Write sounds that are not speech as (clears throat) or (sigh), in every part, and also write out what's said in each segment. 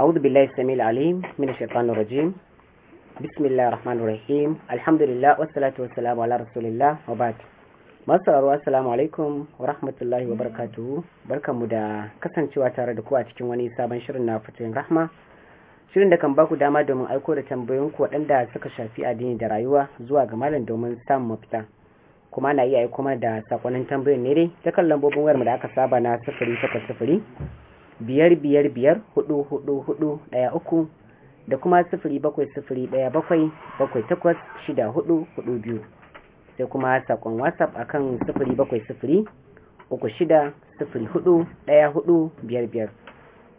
أعوذ بالله السميع العليم من الشيطان الرجيم بسم الله الرحمن الرحيم الحمد لله والصلاة والسلام على رسول الله وبعد alaikum wa rahmatullahi wa barakatuhu barkanmu da kasancewa tare da ku a cikin wani sabon shirin na fatoyin rahma shirin da kan baku dama domin aiko da tambayoyin ku waɗanda suka shafi addini da rayuwa zuwa ga malam domin samun mafita kuma na iya aiko mana da sakonnin tambayoyin ne dai ta kan lambobin wayar da aka saba na sifiri takwas sifiri biyar biyar biyar hudu hudu hudu daya uku da kuma sifiri bakwai sifiri daya bakwai bakwai takwas shida hudu hudu biyu sai kuma sakon whatsapp akan sifiri bakwai sifiri uku shida sifiri hudu daya hudu biyar biyar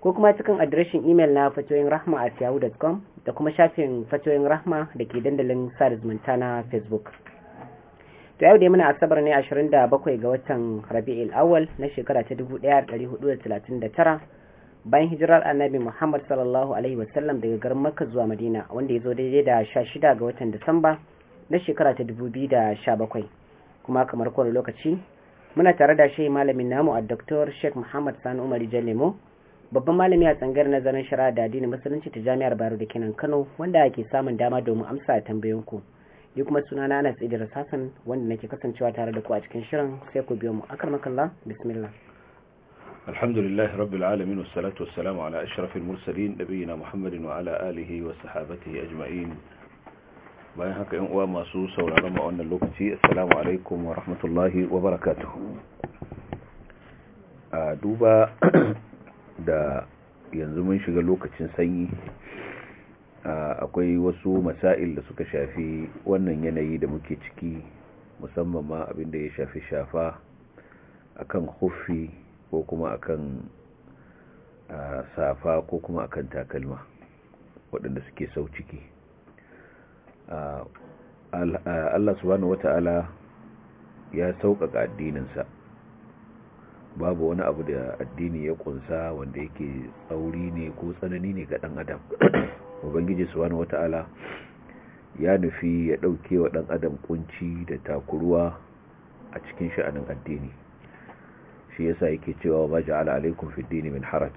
ko kuma cikin adireshin imel na fatoyin rahma a siyahu.com da kuma shafin fatoyin rahma da ke dandalin sada zumunta na facebook to yau da muna asabar ne 27 ga watan rabi'il awal na shekara ta 1439 bayan hijirar annabi muhammad sallallahu alaihi wasallam daga garin makka zuwa madina wanda ya zo daidai da sha shida ga watan disamba na shekara ta dubu biyu da sha bakwai kuma kamar kowane lokaci muna tare da shi malamin namu a dr sheikh muhammad sani umar lemo babban malami a tsangar nazarin shari'a da addinin musulunci ta jami'ar bayero da kenan kano wanda ake samun dama domin amsa a ku ni kuma sunana ana idris hassan wanda nake kasancewa tare da ku a cikin shirin sai ku biyo mu akar makalla bismillah الحمد لله رب العالمين والصلاة والسلام على أشرف المرسلين نبينا محمد وعلى آله وصحابته أجمعين bayan haka yan uwa masu sauraron a wannan lokaci assalamu alaikum wa rahmatullahi wa barakatuhu a duba (clears throat) da yanzu mun shiga lokacin sanyi akwai wasu masail da suka shafi wannan yanayi da muke ciki musamman ma abinda ya shafi shafa akan huffi ko kuma akan safa ko kuma akan takalma waɗanda suke sau ciki Allah subhanahu wata'ala ya sauƙaƙa addininsa babu wani abu da addini ya ƙunsa wanda yake tsauri ne ko tsanani ne ga ɗan adam (coughs) ubangiji subhanahu wata'ala ya nufi ya ɗauke wa ɗan adam kunci da takuruwa a cikin sha'anin addini shi yasa yake cewa ma ja'ala alaikum fi dini min haraj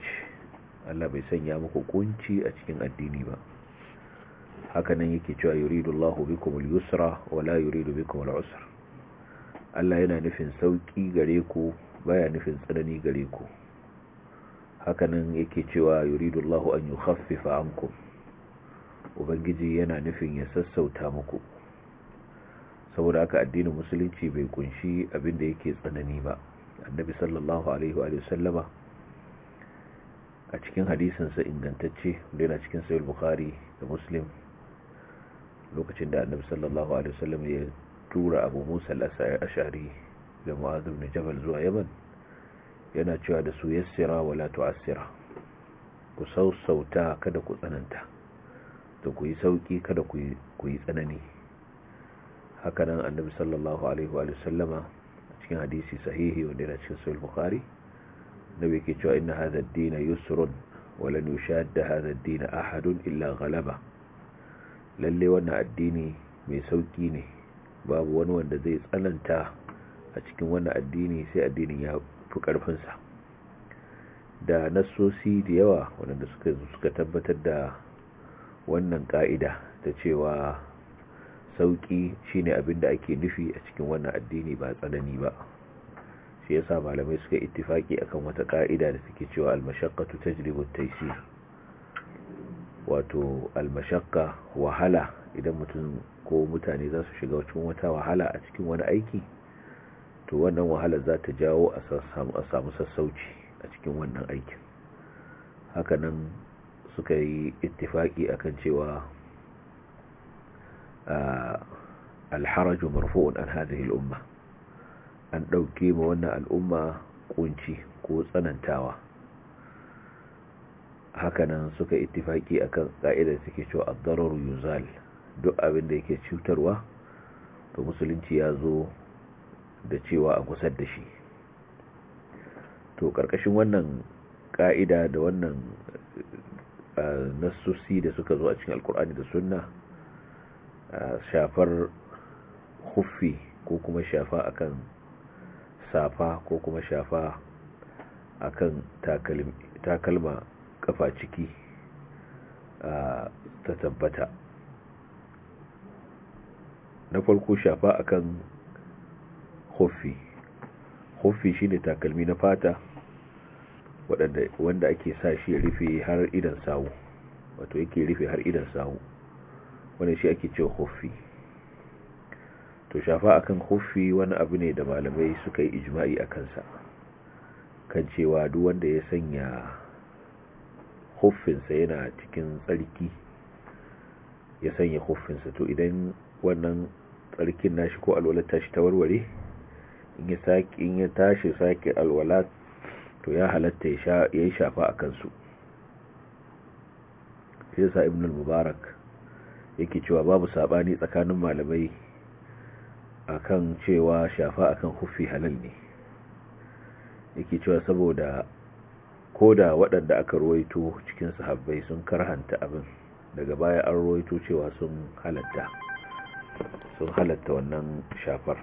Allah bai sanya muku kunci a cikin addini ba hakanan yake cewa yuridu Allahu bikum al-yusra wa la yuridu bikum al-usra Allah yana nufin sauki gare ku baya nufin tsanani gare ku hakanan yake cewa yuridu Allahu an yukhaffifa ankum ubangiji yana nufin ya sassauta muku saboda haka addinin musulunci bai kunshi abin da yake tsanani ba annabi sallallahu alaihi wa sallama a cikin hadisinsa ingantacce da yana cikin sayar bukari da muslim lokacin da annabi sallallahu alaihi wasallam ya tura abu musa al-ashari da mu'adh ibn jabal zuwa yaman yana cewa da su yassira wala tu'assira ku sausauta kada ku tsananta da ku yi sauki kada ku yi tsanani hakanan annabi sallallahu alaihi sallama. cikin hadisi sahihi wanda yana cikin sahih bukhari nabi ke cewa inna hadha ad-din yusrun wa lan yushadda hadha ad-din ahadun illa ghalaba lalle wannan addini mai sauki ne babu wani wanda zai tsananta a cikin wannan addini sai addinin ya fi karfin sa da nassosi da yawa wanda suka suka tabbatar da wannan ka'ida ta cewa sauki shine abin da ake nufi a cikin wannan addini ba tsanani ba shi yasa malamai suka ittifaki akan wata ka'ida da suke cewa al ta tajlibu at wato al-mashaqqa wahala idan mutum ko mutane za su shiga cikin wata wahala a cikin wani aiki to wannan wahala za ta jawo a samu sassauci a cikin wannan aikin hakanan suka yi ittifaki akan cewa alharaju marfu'un an hadhihi al'umma an dauke ma wannan al'umma ƙunci, ko tsanantawa hakanan suka ittifaƙi a kan suke cewa ad-dararu yuzal duk abin da yake cutarwa ga musulunci ya zo da cewa a kusa da shi to ƙarƙashin wannan ƙa'ida da wannan nassusi da suka zo a cikin alkur'ani da sunna shafar huffi ko kuma shafa akan safa ko kuma shafa akan takalma kafa ciki ta tabbata na farko shafa akan huffi huffi shine takalmi na fata wanda ake sa shi rufe har idan sawu wato yake rufe har idan sawu wani shi ake cewa khuffi to shafa akan khuffi wani abu ne da malamai suka yi ijma'i a kansa kan cewa duk wanda ya sanya hufinsa yana cikin tsarki ya sanya khuffinsa to idan wannan tsarkin nashi ko alwalar tashi ta warware in ya tashi saki alwala to ya halatta ya yi shafa a kansu shi sa ibn mubarak yake cewa babu sabani tsakanin malamai akan cewa shafa akan hufi halal ne yake cewa saboda koda waɗanda aka ruwaito cikin sahabbai sun karhanta abin daga baya an ruwaito cewa sun halatta sun halatta wannan shafar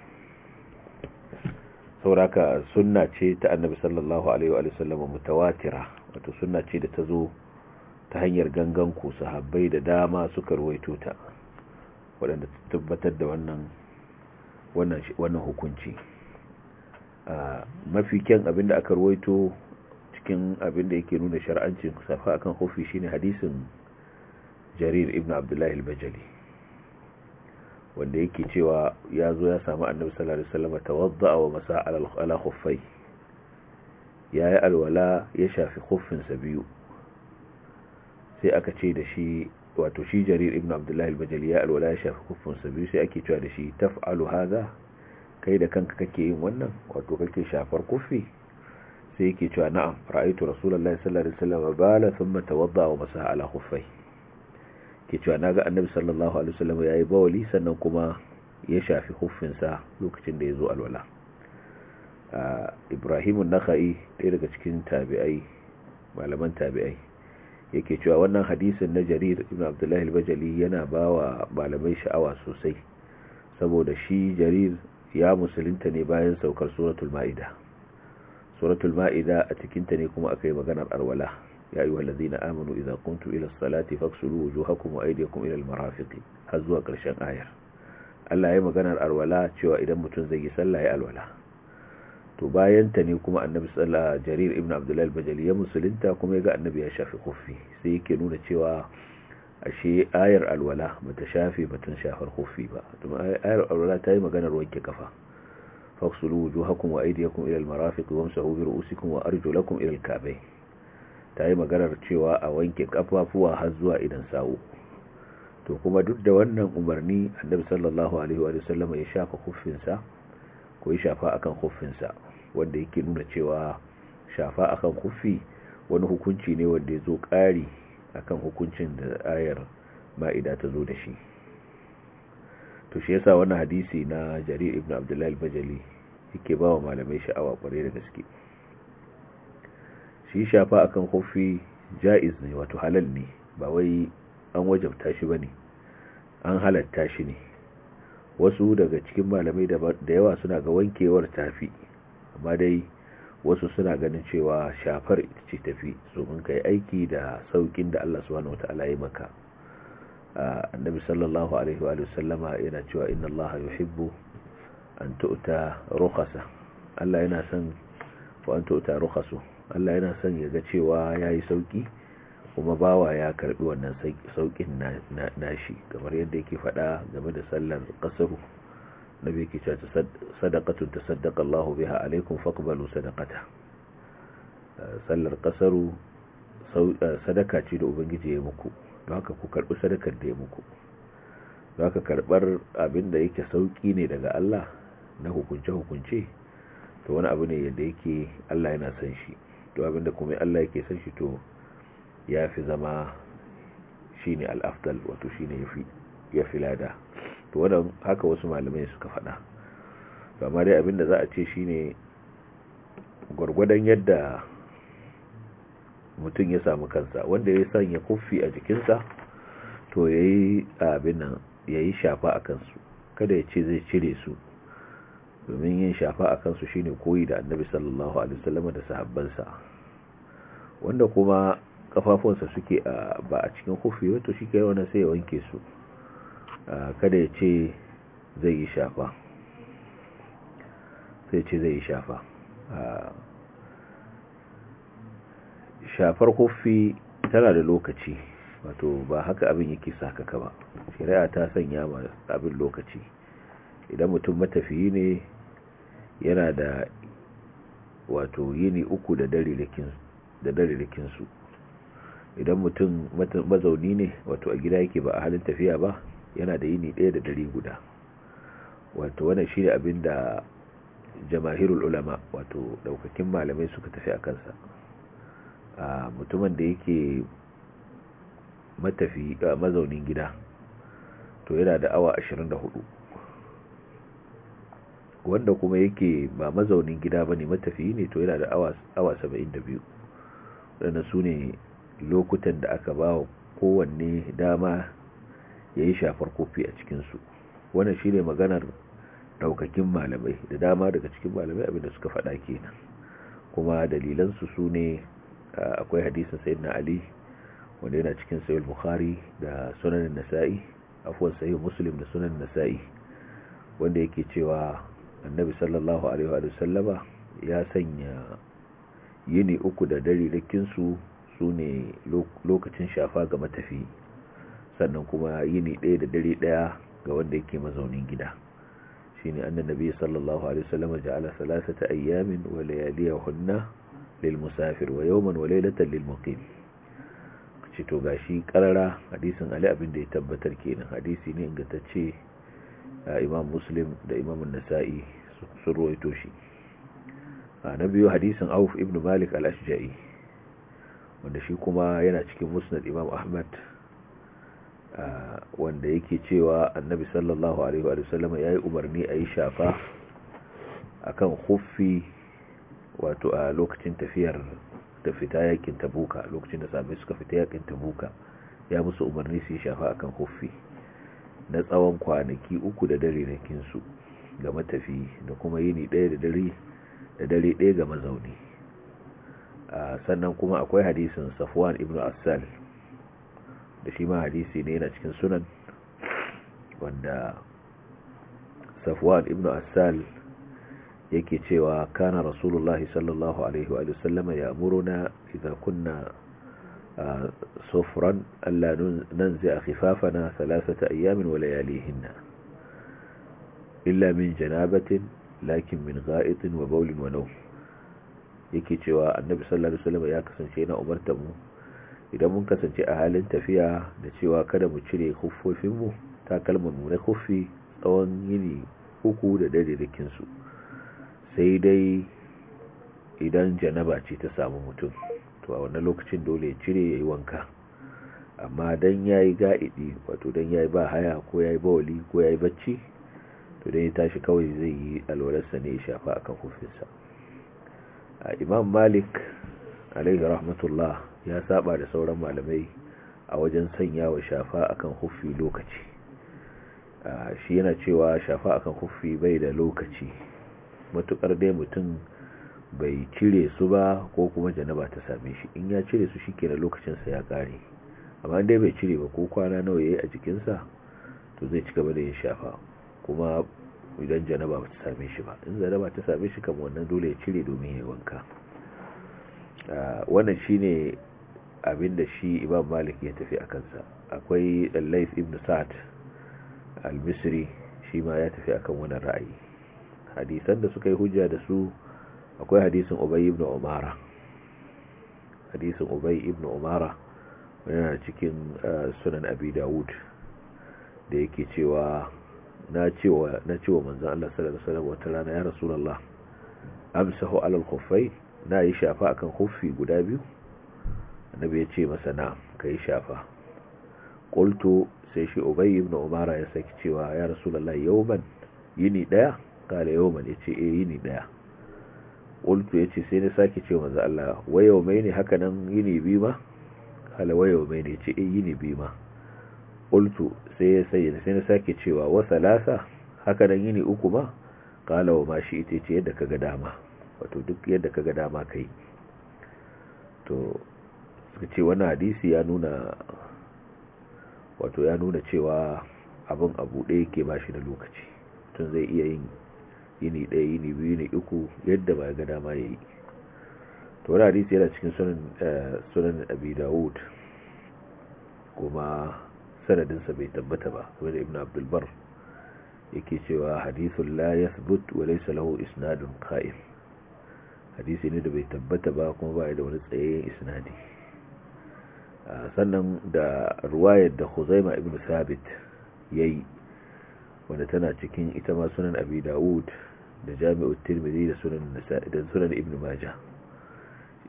sauraka sunna ce ta annabi sallallahu alaihi wa sallam mutawatira wato sunna ce da ta zo ta hanyar gangan ku sahabbai da dama suka ruwaito ta waɗanda tabbatar da wannan wannan hukunci mafi kyan abin da aka ruwaito cikin abin da yake nuna shar'ancin safa akan hofi shine hadisin jarir ibn abdullahi al-bajali wanda yake cewa ya zo ya samu annabi sallallahu alaihi wasallam tawadda wa masa ala khuffai yayi alwala ya shafi sa biyu sai aka ce da shi wato shi jarir ibn abdullahi al-bajali ya alwala ya shafi kufinsa biyu sai ake cewa da shi taf'alu hadha kai da kanka kake yin wannan wato kake shafar kuffi sai yake cewa na'am ra'aytu rasulullahi sallallahu alaihi wasallam bala thumma tawadda wa masaha ala khuffai ke cewa naga annabi sallallahu alaihi wasallam yayi bawali sannan kuma ya shafi sa lokacin da yazo alwala ah, Ibrahim an-Nakhai daga cikin tabi'ai malaman tabi'ai yake cewa wannan hadisin na jarir ibn abdullahi al-bajali yana ba wa malamai sha'awa sosai saboda shi jarir ya musulunta ne bayan saukar suratul ma'ida suratul ma'ida a cikinta ne kuma aka maganar arwala ya yi wallazi na aminu idan kuntu ila salati faksulu wujuhakum wa kuma ila marafiki har zuwa karshen ayar Allah ya yi maganar arwala cewa idan mutum zai yi sallah ya alwala to bayan ta ne kuma annabi sallallahu jarir ibn abdullahi al-bajali ya musulunta kuma ya ga annabi ya shafi kuffi sai yake nuna cewa ashe ayar alwala bata shafe batun shafar kuffi ba kuma ayar alwala ta yi maganar wanke kafa faksulu wujuhakum wa aydiyakum ila al-marafiq amsahu bi ru'usikum wa arjulakum ila al-ka'bayn ta yi maganar cewa a wanke kafafuwa har zuwa idan sawu to kuma duk da wannan umarni annabi sallallahu alaihi wa sallam ya shafa kuffinsa ko ya shafa akan kuffinsa. wanda yake nuna cewa shafa akan kufi wani hukunci ne wanda ya zo ƙari akan hukuncin da ayar ma'ida ta zo da shi to shi yasa wannan hadisi na jarir ibn abdullahi bajali yake ba wa malamai sha'awa kware da gaske shi shafa akan kufi ja'iz ne wato halal ne ba wai an wajabta shi bane an halatta shi ne wasu daga cikin malamai da yawa suna ga wankewar tafi amma dai wasu suna ganin cewa shafar ita ce tafi domin kai aiki da saukin da Allah subhanahu wataala ya maka annabi sallallahu alaihi wa sallama yana cewa inna Allah yuhibbu an tu'ta rukhasa Allah yana son wa an tu'ta rukhasu Allah yana son ya ga cewa yayi sauki kuma bawa ya karbi wannan saukin nashi kamar yadda yake fada game da sallar qasru nabi yake cewa sadaqatun tasaddaqa Allahu biha alaikum faqbalu sadakata eh, sallar kasaru eh, sadaka ce da ubangiji ya muku don haka ku karbi sadakar da ya muku don haka karbar abin da yake sauki ne daga Allah na hukunce hukunce to wani abu ne yadda yake Allah yana san shi to abin da kuma Allah yake san shi to ya fi zama shine al-afdal wato shine yafi yafi lada to wannan haka wasu malamai suka faɗa amma dai abinda za a ce shine gwargwadon yadda mutum ya samu kansa wanda ya sanya kuffi a jikinsa to ya yi abin ya shafa a kansu kada ya ce zai cire su domin yin shafa a kansu shine koyi da annabi sallallahu alaihi wasallam da sahabbansa wanda kuma kafafunsa suke ba a cikin kuffi wato shi kai wannan sai ya wanke su kada ya ce zai yi shafa sai ce zai yi shafa shafar kofi tana da lokaci wato ba haka abin yake sakaka ba shari'a ta sanya ma abin lokaci idan mutum matafiyi ne yana da wato yini uku da da idan mutum mazauni ne wato a gida yake ba a halin tafiya ba yana da yini ɗaya da dare guda wato wannan shi abin da jamahirul ulama wato ɗaukakin malamai suka tafi a kansa mutumin da yake matafi a mazaunin gida to yana da awa 24 wanda kuma yake ba mazaunin gida ba ne matafiyi ne to yana da awa 72 wadannan su ne lokutan da aka ba kowanne dama ya yi shafar kofi a cikinsu wannan shi ne maganar daukakin malamai da dama daga cikin malamai abinda suka faɗa kenan kuma dalilansu su ne akwai hadisin na ali wanda yana cikin sahih bukhari da sunanin nasa'i afuwan sahih muslim da sunanin nasa'i wanda yake cewa annabi sallallahu alaihi wa sallama ya sanya yini uku da dare su su ne lokacin shafa ga matafi sannan kuma yini ɗaya da dare ɗaya ga wanda yake mazaunin gida Shi shine annan nabi sallallahu alaihi wasallam ja'ala salasata ayyamin wa hunna lil musafir wa yawman wa laylatan lil muqim ce to gashi karara hadisin ali abin da ya tabbatar kenan hadisi ne a imam muslim da imam an-nasa'i sun ruwaito shi na biyu hadisin auf ibn malik al-ashja'i wanda shi kuma yana cikin musnad imam ahmad wanda yake cewa annabi sallallahu alaihi wa sallama ya yi umarni a yi shafa akan huffi wato a lokacin tafiyar da fita yakin tabuka lokacin da sami suka fita yakin tabuka ya musu umarni su yi shafa akan huffi na tsawon kwanaki uku da dare na kinsu ga matafi da kuma yini ɗaya da dare da dare ɗaya ga mazauni sannan kuma akwai hadisin safwan ibn asal da shi ma hadisi ne yana cikin sunan wanda safwan ibn asal yake cewa kana rasulullahi sallallahu alaihi wa sallama ya amuruna idza kunna Nan zai nanzi'a khifafana thalathata ayyamin wa na. illa min janabatin lakin min gha'itin wa bawlin wa nawm yake cewa annabi sallallahu alaihi ya kasance yana umarta mu idan mun kasance a halin tafiya da cewa kada mu cire huffofinmu takalmanmu na huffi tsawon yini uku da su sai dai idan janaba ce ta samu mutum to a wannan lokacin dole ya cire ya yi wanka amma dan ya yi ga'idi wato dan ya yi ba haya ko ya yi bawali ko ya yi bacci to don ya tashi kawai zai yi alwararsa ne ya shafa akan hufinsa a imam malik alaihi rahmatullah ya saba da sauran malamai a wajen sanya wa shafa akan huffi lokaci shi yana cewa shafa akan huffi bai da lokaci matukar dai mutum bai cire su ba ko kuma janaba ta same shi in ya cire su shi kenan lokacinsa ya kare amma dai bai cire ba ko kwana nawa ya yi a jikinsa to zai ci gaba da yin shafa kuma idan janaba ba ta same shi ba in janaba ta same shi kamar wannan dole ya cire domin ya wanka wannan shine abinda shi imam malik ya tafi a kansa akwai ɗallais ibn sa'ad al-misri shi ma ya tafi akan wannan ra'ayi hadisan da suka yi hujja da su akwai hadisin ubay ibn umara hadisin ubay ibn umara yana cikin eh, sunan abi daud da yake cewa na cewa na cewa manzon Allah sallallahu alaihi wasallam wata rana ya rasulullah amsahu alal khuffai na yi shafa akan khuffi guda biyu annabi ya ce masa na kai shafa qultu sai shi ubay ibn umara ya saki cewa ya rasulullahi yawman yini daya kala yawman ce eh yini daya qultu ce sai na saki ce manzo Allah wa yawmaini haka nan yini bi ma kala wa yawmaini ce eh yini bi ma qultu sai ya sai sai na saki cewa wa salasa haka nan yini uku ma kala wa mashi ita ce yadda kaga dama wato duk yadda kaga dama kai to da ce wani hadisi ya nuna wato ya nuna cewa abin abu ɗaya ke ba shi da lokaci tun zai iya yin yini ɗaya yini biyu ne uku yadda ba ya ga dama ya yi to wani hadisi yana cikin eh, sunan abi dawud kuma sanadinsa bai tabbata ba kuma da ibn abdulbar yake cewa hadisun la ya sabut wa laisa lahu isnadun qa'im hadisi ne da bai tabbata ba kuma ba da wani tsayayyen isnadi Ah, sannan da ruwayar da Khuzaima ibn Sabit yayi wanda tana cikin ita ma sunan Abi Dawud da Jami'ut Tirmidhi da sunan Nasa'i da sunan Ibn Majah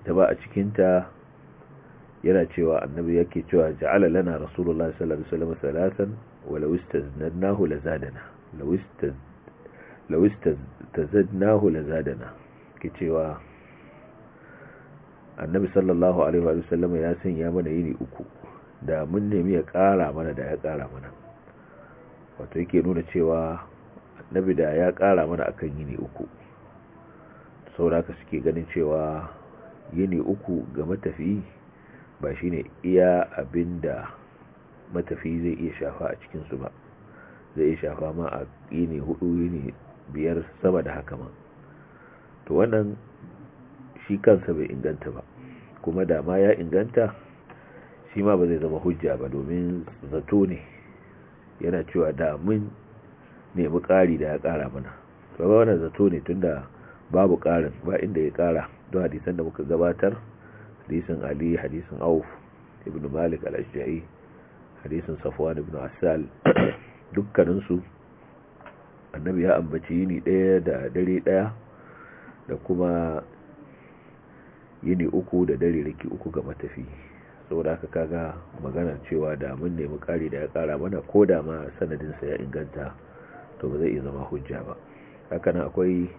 ita ba a cikin ta yana cewa annabi yake cewa ja'ala lana rasulullah sallallahu alaihi wasallam salatan wa law istaznadnahu lazadana law istaz law istaz tazadnahu lazadana ke cewa annabi sallallahu alaihi wa sallam ya sanya mana yini uku da mun nemi ya ƙara mana da ya ƙara mana wato yake nuna cewa annabi da ya ƙara mana akan yini uku sauraka suke ganin cewa yini uku ga matafiyi ba shine iya abinda matafi zai iya shafa a cikin su ba zai iya shafa ma a yini hudu yini biyar sama da haka ma to wannan shi kansa bai inganta ba kuma da ma ya inganta shi ma ba zai zama hujja ba domin zato ne yana cewa da mun nemi ƙari da ya ƙara mana ba wani zato ne tun da babu ƙarin ba inda ya ƙara don hadisan da muka gabatar hadisan ali hadisan auf ibn malik al-ashja'i hadisin safwan ibn asal (coughs) dukkaninsu annabi ya ambaci yini ɗaya da dare ɗaya da kuma yini uku da dare riki uku ga matafi saboda haka kaga maganar cewa da mun nemi kari da ya kara mana ko da ma sanadinsa ya inganta to ba zai iya zama hujja ba haka nan akwai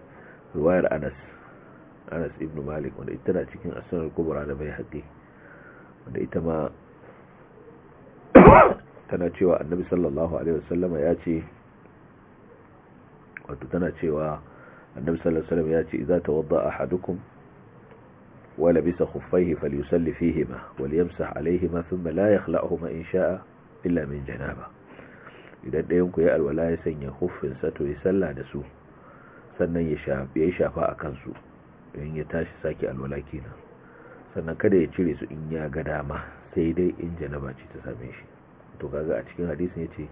ruwayar anas anas ibn malik wanda ita na cikin asunar kubra da bai haƙi wanda ita ma (coughs) tana cewa annabi sallallahu alaihi wasallama ya ce wato tana cewa annabi sallallahu alaihi wasallama ya ce idza tawadda ahadukum ولبس خفيه فليسل فيهما وليمسح عليهما ثم لا يخلعهما إن شاء إلا من جنابه idan ɗayanku ya alwala ya sanya huffinsa to ya sallah da su sannan ya shafa a kansu don ya tashi sake alwala kenan sannan kada ya cire su in ya ga dama sai dai in janaba ta same shi to kaga a cikin hadisin ya ce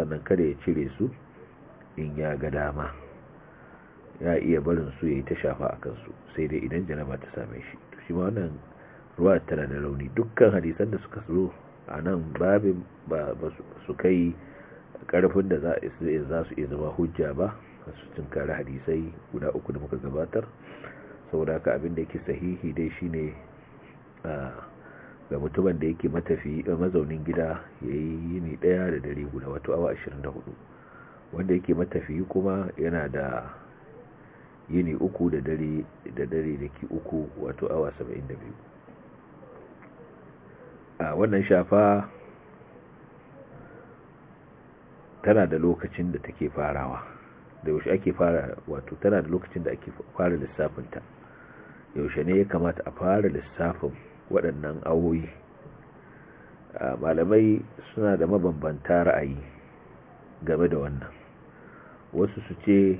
sannan kada ya cire su in ya ga dama ya iya barin su ya yi ta shafa a kansu sai dai idan janaba ta same shi to shi ma wannan ruwa tana da rauni dukkan hadisan da suka zo a nan babin ba su kai karfin da za su iya zama hujja ba su tunkari hadisai guda uku da muka gabatar saboda haka abin da yake sahihi dai shine ga mutumin da yake matafi mazaunin gida ya yi yini daya da dare guda wato awa 24 wanda yake matafi kuma yana da yini uku da dare da dare da ki uku wato awa 72 a wannan shafa tana da lokacin da take farawa da yaushe ake fara wato tana da lokacin da ake fara lissafinta yaushe ne ya kamata a fara lissafin waɗannan awoyi malamai suna da mabambanta ra'ayi game da wannan wasu su ce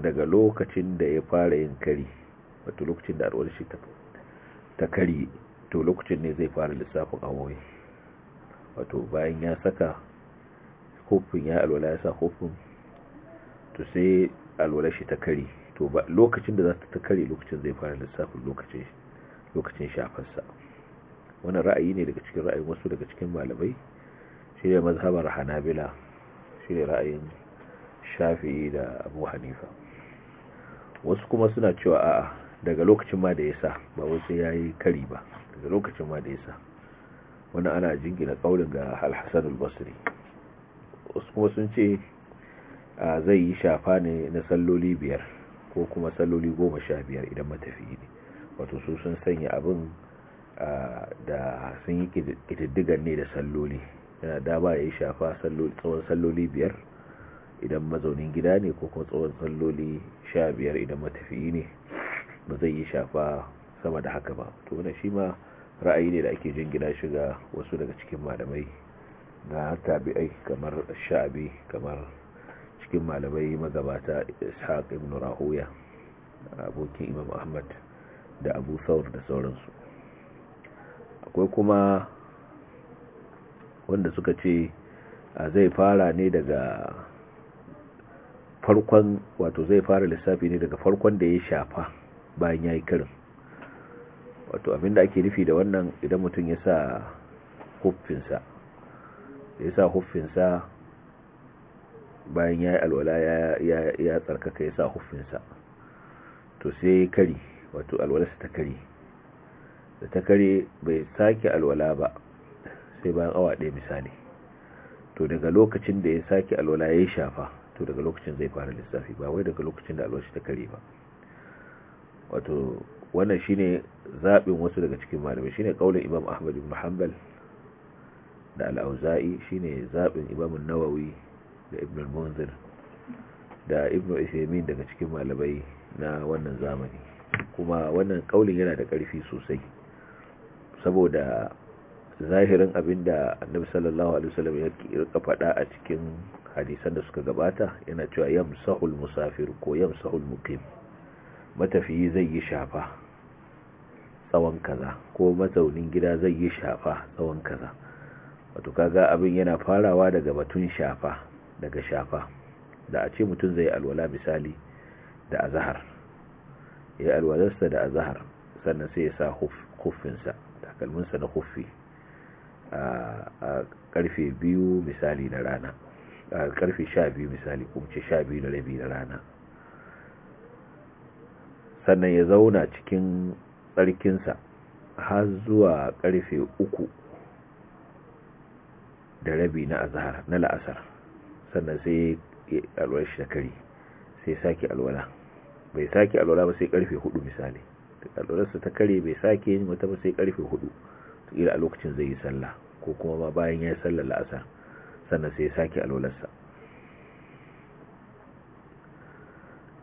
daga lokacin da ya fara yin kari wato lokacin da alwar shi ta kari to lokacin ne zai fara lissafin awoyi wato bayan ya saka hufin ya alwala ya sa hufin to sai alwala shi ta kari to ba lokacin da za ta kari lokacin zai fara lissafin lokacin shafarsa wani ra'ayi ne daga cikin ra'ayin wasu daga cikin malamai shi ne mazhabar hanabila shi ne ra'ayin Shafi da abu hanifa wasu kuma suna cewa a'a daga lokacin ma da ya sa ba wasu ya yi kari ba daga lokacin ma da ya sa wani ana jingina kaulin ga alhassan albasri wasu kuma sun ce zai yi shafa ne na salloli biyar ko kuma salloli goma sha biyar idan matafiyi ne wato su sun sanya abin da sun yi kididdigan ne da salloli yana da ba ya yi shafa tsawon salloli biyar idan mazaunin gida ne ko kuma tsawon salloli sha biyar idan matafiyi ne ba zai yi shafa sama da haka ba to wani shi ma ra'ayi ne da ake jin gida shiga wasu daga cikin malamai na tabi'ai kamar sha'abi kamar cikin malamai magabata ishaq ibn rahuya abokin imam ahmad da abu saur da sauransu akwai kuma wanda suka ce zai fara ne daga farkon wato zai fara lissafi ne daga farkon da ya shafa bayan ya yi karin wato abinda ake nufi da wannan idan mutum ya sa huffinsa ya sa huffinsa bayan ya yi alwala ya tsarkaka ya sa huffinsa to sai ya kari wato alwalarsa ta kari da ta kari bai sake alwala ba sai bayan awa ɗaya misali to daga lokacin da ya sake alwala ya shafa to daga lokacin zai fara lissafi ba wai daga lokacin da alwashi ta kare ba wato wannan shine zaɓin wasu daga cikin malamai shine kaulin imam ahmad ibn hanbal da al-auza'i shine zaɓin imam an-nawawi da ibn munzir da ibn Ishemin daga cikin malamai na wannan zamani kuma wannan kaulin yana da ƙarfi sosai saboda zahirin abin da annabi sallallahu alaihi wasallam ya rika faɗa a cikin hadisan da suka gabata yana cewa yamsahul musafir ko yamsahul muqim matafiyi zai yi shafa tsawon kaza ko mazaunin gida zai yi shafa tsawon kaza wato kaga abin yana farawa daga batun shafa daga shafa da a ce mutum zai alwala misali da azhar ya alwalarsa da azhar sannan sai ya sa huffinsa takalminsa na kuffi a karfe biyu misali na rana a karfe sha biyu misali kuma ce sha biyu da rabi na rana sannan ya zauna cikin tsarkinsa har zuwa karfe uku da rabi na azhar na la'asar sannan sai alwala shi da kari sai sake alwala bai sake alwala ba sai karfe hudu misali alwalarsa ta kare bai sake yin wata ba sai karfe hudu ila a lokacin zai yi sallah ko kuma ma bayan ya yi sallar la'asar sannan sai ya sake alwalarsa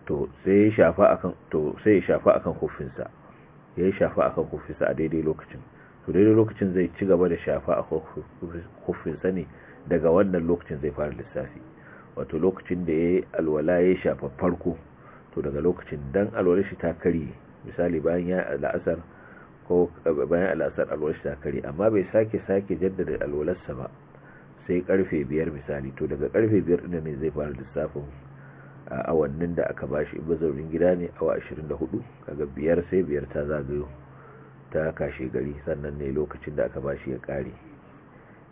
to sai ya shafa akan to sai ya shafa akan hufinsa ya yi shafa akan hufinsa a daidai lokacin to daidai lokacin zai ci gaba da shafa a hufinsa ne daga wannan lokacin zai fara lissafi wato lokacin da ya yi alwala ya shafa farko to daga lokacin dan alwalar shi ta karye misali bayan ya la'asar ko bayan al'asar alwashi ta kare amma bai sake sake jaddada alwalarsa ba sai karfe biyar misali to daga karfe biyar ɗin ne zai fara lissafin awannin da aka bashi in mazaunin gida ne awa 24 kaga biyar sai biyar ta zagayo ta kashe gari sannan ne lokacin da aka bashi ya kare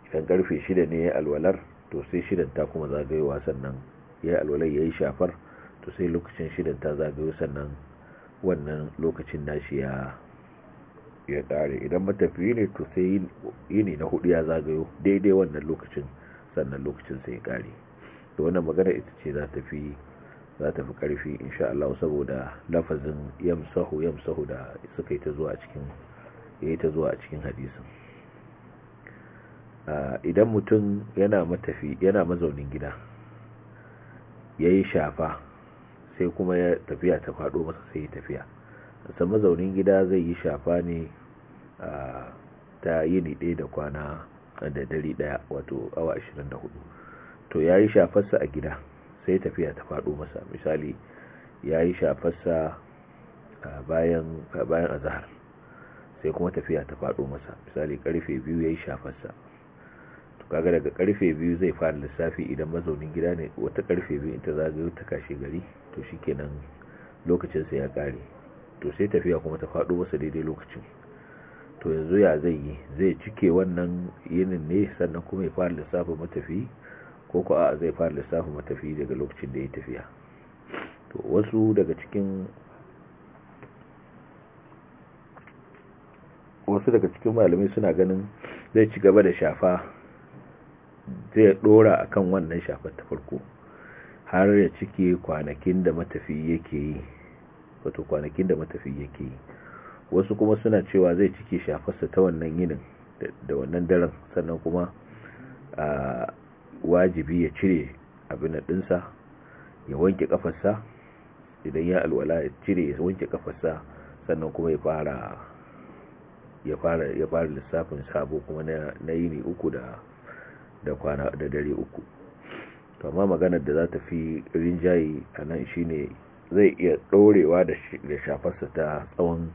idan karfe shida ne ya alwalar to sai shidan ta kuma zagayowa sannan ya alwalar ya yi shafar to sai lokacin shidan ta zagayo sannan wannan lokacin nashi ya ya kare idan matafiya ne to sai ne na hudu ya zagayo daidai wannan lokacin sannan lokacin sai ya kare da wannan magana ita ce za ta fi za ta fi ƙarfi insha Allah saboda lafazin yam sahu da suka yi ta zuwa cikin yayi ta zuwa cikin hadisin idan mutum yana matafi yana mazaunin gida ya yi shafa sai kuma ya tafiya ta faɗo masa sai ya tafiya san mazaunin gida zai yi shafa ne ta yini ɗaya da kwana da dare ɗaya wato awa 24 to ya yi shafarsa a gida sai tafiya ta faɗo masa misali ya yi shafarsa bayan azahar sai kuma tafiya ta faɗo masa misali karfe biyu ya yi shafarsa kaga daga karfe biyu zai fara lissafi idan mazaunin gida ne wata karfe biyu ita zagayo ta kashe gari to shikenan lokacinsa ya kare to sai tafiya kuma ta faɗo masa daidai lokacin to yanzu ya zai yi zai cike wannan yinin ne sannan kuma ya fara lissafin matafi ko kuwa a zai fara lissafin matafi daga lokacin da ya tafiya to wasu daga cikin wasu daga cikin malamai suna ganin zai ci gaba da shafa zai dora akan wannan shafar ta farko har ya cike kwanakin da matafi yake yi wato kwanakin da matafi yake yi wasu kuma suna cewa zai ciki shafarsa ta wannan yinin da wannan daren sannan kuma a wajibi ya cire abin ɗinsa ya wanke kafarsa idan ya alwala ya cire ya wanke kafarsa sannan kuma ya fara ya fara ya fara lissafin sabo kuma na yini uku da da kwana da dare uku to amma maganar da za ta fi rinjaye a nan shine zai iya ɗorewa da shafarsa ta tsawon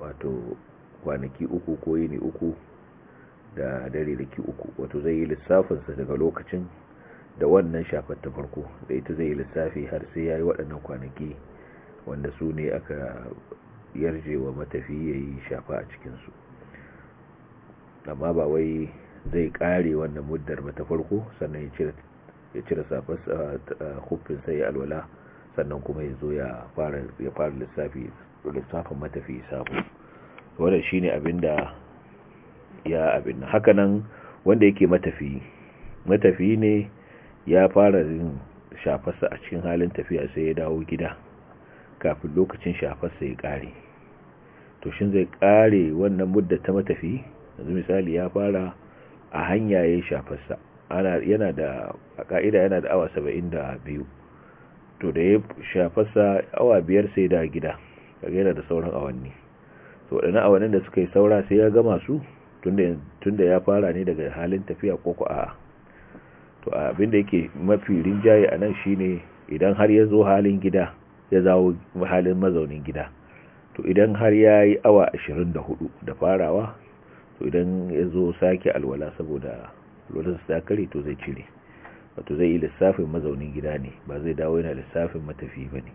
wato kwanaki uku ko yini uku da dare da ki uku wato zai yi lissafinsa daga lokacin da wannan shafar ta farko da ita zai yi lissafi har sai ya yi waɗannan kwanaki wanda su ne aka yarje wa matafi ya yi shafa a cikinsu amma ba wai zai ƙare wannan muddar ba ta farko sannan ya cire safar hufin sai alwala sannan kuma ya zo ya fara lissafi lissafin matafi sabu wannan shine abin da ya abin hakanan wanda yake matafi matafi ne ya fara zin shafarsa a cikin halin tafiya sai ya dawo gida kafin lokacin shafarsa ya kare to shin zai kare wannan mudda ta matafi yanzu misali ya fara a hanya ya shafarsa yana da a ka'ida yana da awa 72 to da ya shafarsa awa biyar sai da gida kaga yana da sauran awanni to waɗannan awannin da suka yi saura sai ya gama su tunda ya fara ne daga halin tafiya ko ku a to abin da yake mafi rinjaye a nan shine idan har ya zo halin gida ya zawo halin mazaunin gida to idan har ya yi awa 24 da farawa to idan ya zo sake alwala saboda lolinsa ta kare to zai cire wato zai yi lissafin mazaunin gida ne ba zai dawo yana lissafin matafi ba ne